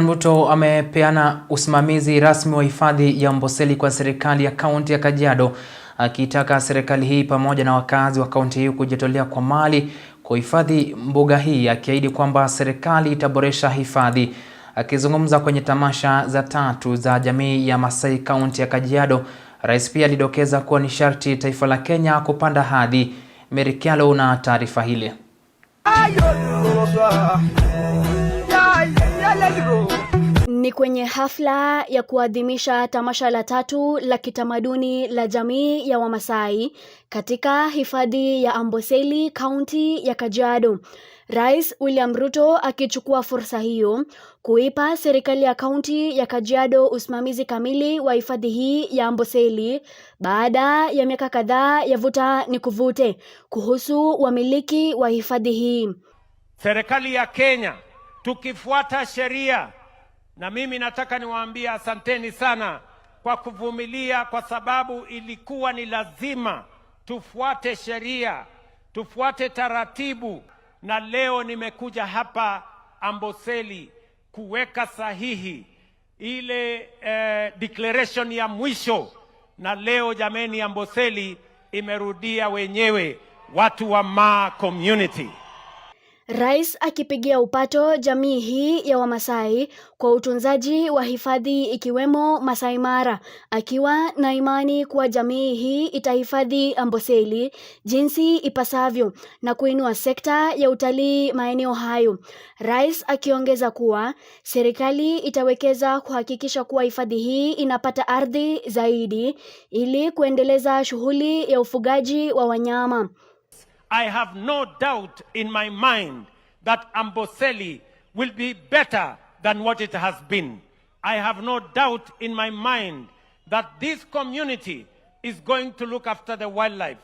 Mbuto amepeana usimamizi rasmi wa hifadhi ya Amboseli kwa serikali ya kaunti ya Kajiado akiitaka serikali hii pamoja na wakazi wa kaunti hiyo kujitolea kwa mali kuhifadhi mbuga hii akiahidi kwamba serikali itaboresha hifadhi. Akizungumza kwenye tamasha za tatu za jamii ya Masai kaunti ya Kajiado, rais pia alidokeza kuwa ni sharti taifa la Kenya kupanda hadhi. Mary Kyalo na taarifa hile. Ni kwenye hafla ya kuadhimisha tamasha la tatu la kitamaduni la jamii ya Wamasai katika hifadhi ya Amboseli, kaunti ya Kajiado. Rais William Ruto akichukua fursa hiyo kuipa serikali ya kaunti ya Kajiado usimamizi kamili wa hifadhi hii ya Amboseli baada ya miaka kadhaa ya vuta ni kuvute kuhusu wamiliki wa hifadhi hii. Serikali ya Kenya tukifuata sheria na mimi nataka niwaambie asanteni sana kwa kuvumilia, kwa sababu ilikuwa ni lazima tufuate sheria, tufuate taratibu, na leo nimekuja hapa Amboseli kuweka sahihi ile eh, declaration ya mwisho. Na leo jameni, Amboseli imerudia wenyewe, watu wa Maa community. Rais akipigia upato jamii hii ya Wamasai kwa utunzaji wa hifadhi ikiwemo Masai Mara, akiwa na imani kuwa jamii hii itahifadhi Amboseli jinsi ipasavyo na kuinua sekta ya utalii maeneo hayo. Rais akiongeza kuwa serikali itawekeza kuhakikisha kuwa hifadhi hii inapata ardhi zaidi ili kuendeleza shughuli ya ufugaji wa wanyama. I have no doubt in my mind that Amboseli will be better than what it has been. I have no doubt in my mind that this community is going to look after the wildlife,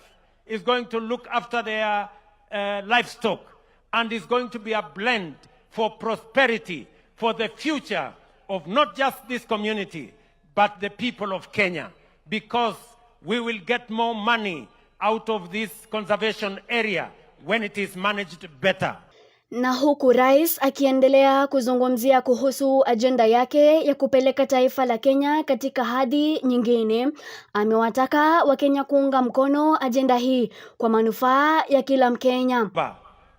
is going to look after their uh, livestock, and is going to be a blend for prosperity, for the future of not just this community, but the people of Kenya, because we will get more money out of this conservation area when it is managed better. Na huku rais akiendelea kuzungumzia kuhusu ajenda yake ya kupeleka taifa la Kenya katika hadhi nyingine, amewataka Wakenya kuunga mkono ajenda hii kwa manufaa ya kila Mkenya.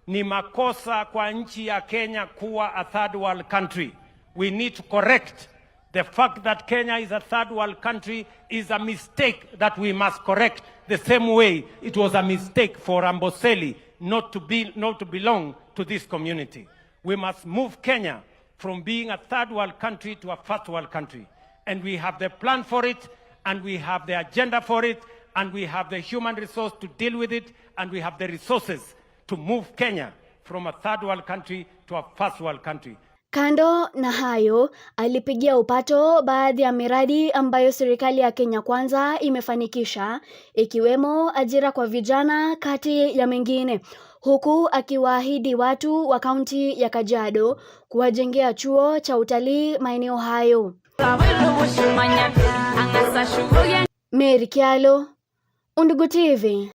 Ni makosa kwa nchi ya Kenya kuwa a third world country. We need to correct the fact that Kenya is a third world country is a mistake that we must correct. the same way it was a mistake for Amboseli not to, be, not to belong to this community. We must move Kenya from being a third world country to a first world country. And we have the plan for it, and we have the agenda for it, and we have the human resource to deal with it, and we have the resources to move Kenya from a third world country to a first world country. Kando na hayo, alipigia upato baadhi ya miradi ambayo serikali ya Kenya Kwanza imefanikisha, ikiwemo ajira kwa vijana kati ya mengine, huku akiwaahidi watu wa kaunti ya Kajiado kuwajengea chuo cha utalii maeneo hayo. Mary Kialo, Undugu TV.